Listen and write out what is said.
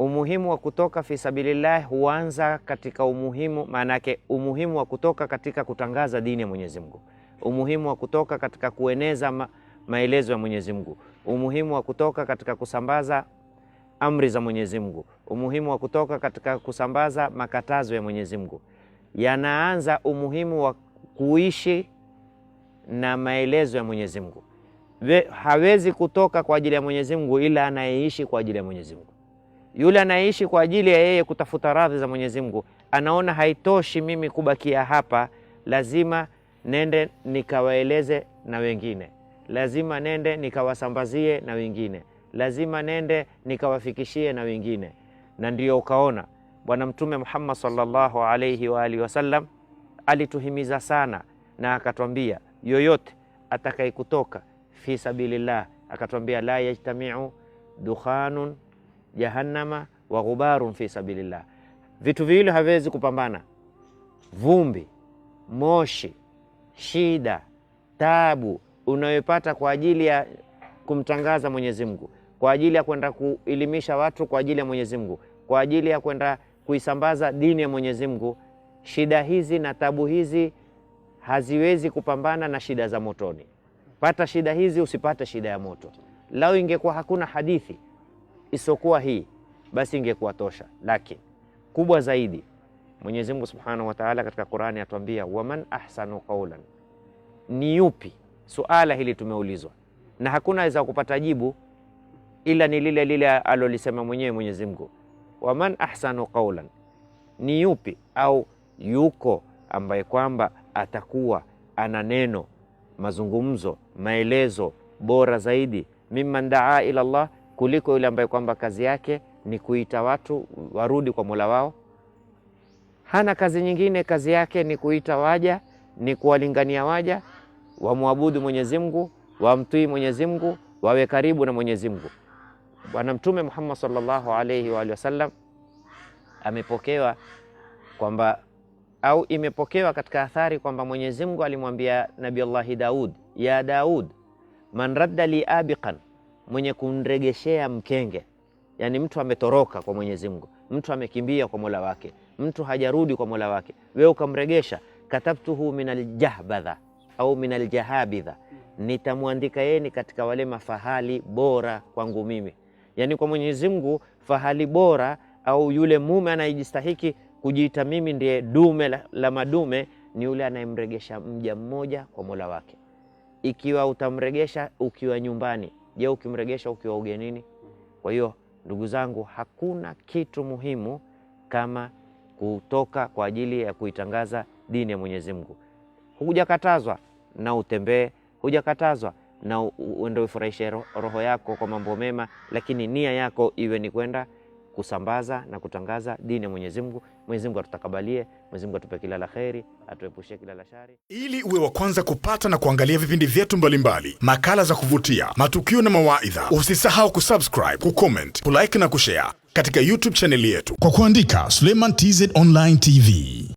umuhimu wa kutoka fisabilillah huanza katika umuhimu, maana yake umuhimu wa kutoka katika kutangaza dini ya Mwenyezi Mungu, umuhimu wa kutoka katika kueneza ma, maelezo ya Mwenyezi Mungu, umuhimu wa kutoka katika kusambaza amri za Mwenyezi Mungu, umuhimu wa kutoka katika kusambaza makatazo ya Mwenyezi Mungu. Yanaanza umuhimu wa kuishi na maelezo ya Mwenyezi Mungu. Hawezi kutoka kwa ajili ya Mwenyezi Mungu ila anayeishi kwa ajili ya Mwenyezi Mungu. Yule anaishi kwa ajili ya yeye kutafuta radhi za Mwenyezi Mungu, anaona haitoshi mimi kubakia hapa, lazima nende nikawaeleze na wengine, lazima nende nikawasambazie na wengine, lazima nende nikawafikishie na wengine. Na ndiyo ukaona Bwana Mtume Muhammad sallallahu alayhi wa alihi wasallam alituhimiza sana, na akatwambia yoyote atakayekutoka fi sabilillah, akatwambia la yajtamiu dukhanun jahannama wa ghubarun fi sabilillah. Vitu viwili haviwezi kupambana: vumbi, moshi, shida, tabu unayopata kwa ajili ya kumtangaza Mwenyezi Mungu, kwa ajili ya kwenda kuelimisha watu kwa ajili ya Mwenyezi Mungu, kwa ajili ya kwenda kuisambaza dini ya Mwenyezi Mungu. Shida hizi na tabu hizi haziwezi kupambana na shida za motoni. Pata shida hizi, usipate shida ya moto. Lau ingekuwa hakuna hadithi isokuwa hii, basi ingekuwa tosha. Lakini kubwa zaidi, Mwenyezi Mungu Subhanahu wa Ta'ala katika Qur'ani atuambia, waman ahsanu qawlan, ni yupi? Suala hili tumeulizwa na hakuna aweza kupata jibu ila ni lile lile alolisema mwenyewe Mwenyezi Mungu, waman ahsanu qawlan, ni yupi au yuko ambaye kwamba atakuwa ana neno mazungumzo maelezo bora zaidi mimman daa ila Allah kuliko yule ambaye kwamba kazi yake ni kuita watu warudi kwa Mola wao. Hana kazi nyingine, kazi yake ni kuita waja, ni kuwalingania waja wamwabudu Mwenyezi Mungu, wamtii Mwenyezi Mungu, wawe karibu na Mwenyezi Mungu. Bwana Mtume Muhammad sallallahu alayhi wa sallam amepokewa kwamba au imepokewa katika athari kwamba Mwenyezi Mungu alimwambia Nabii Allahi Daud, ya Daud man radda li abiqan mwenye kumregeshea mkenge, yani mtu ametoroka kwa Mwenyezi Mungu, mtu amekimbia kwa Mola wake, mtu hajarudi kwa Mola wake, wewe ukamregesha, katabtuhu min aljahbadha au min aljahabidha, nitamwandika ni katika wale mafahali bora kwangu mimi. Yani kwa Mwenyezi Mungu fahali bora au yule mume anayejistahiki kujiita mimi ndiye dume la, la madume ni yule anayemregesha mja mmoja kwa Mola wake, ikiwa utamregesha ukiwa nyumbani Je, ukimregesha ukiwa ugenini? Mm-hmm. Kwa hiyo ndugu zangu, hakuna kitu muhimu kama kutoka kwa ajili ya kuitangaza dini ya Mwenyezi Mungu. Hujakatazwa na utembee, hujakatazwa na uende uifurahishe roho yako kwa mambo mema, lakini nia yako iwe ni kwenda kusambaza na kutangaza dini ya Mwenyezi Mungu. Mwenyezi Mungu atutakabalie, Mwenyezi Mungu atupe kila la kheri, atuepushie kila la shari. Ili uwe wa kwanza kupata na kuangalia vipindi vyetu mbalimbali, makala za kuvutia, matukio na mawaidha, usisahau kusubscribe, kucomment, kulike na kushare katika YouTube chaneli yetu kwa kuandika Suleiman TZ Online TV.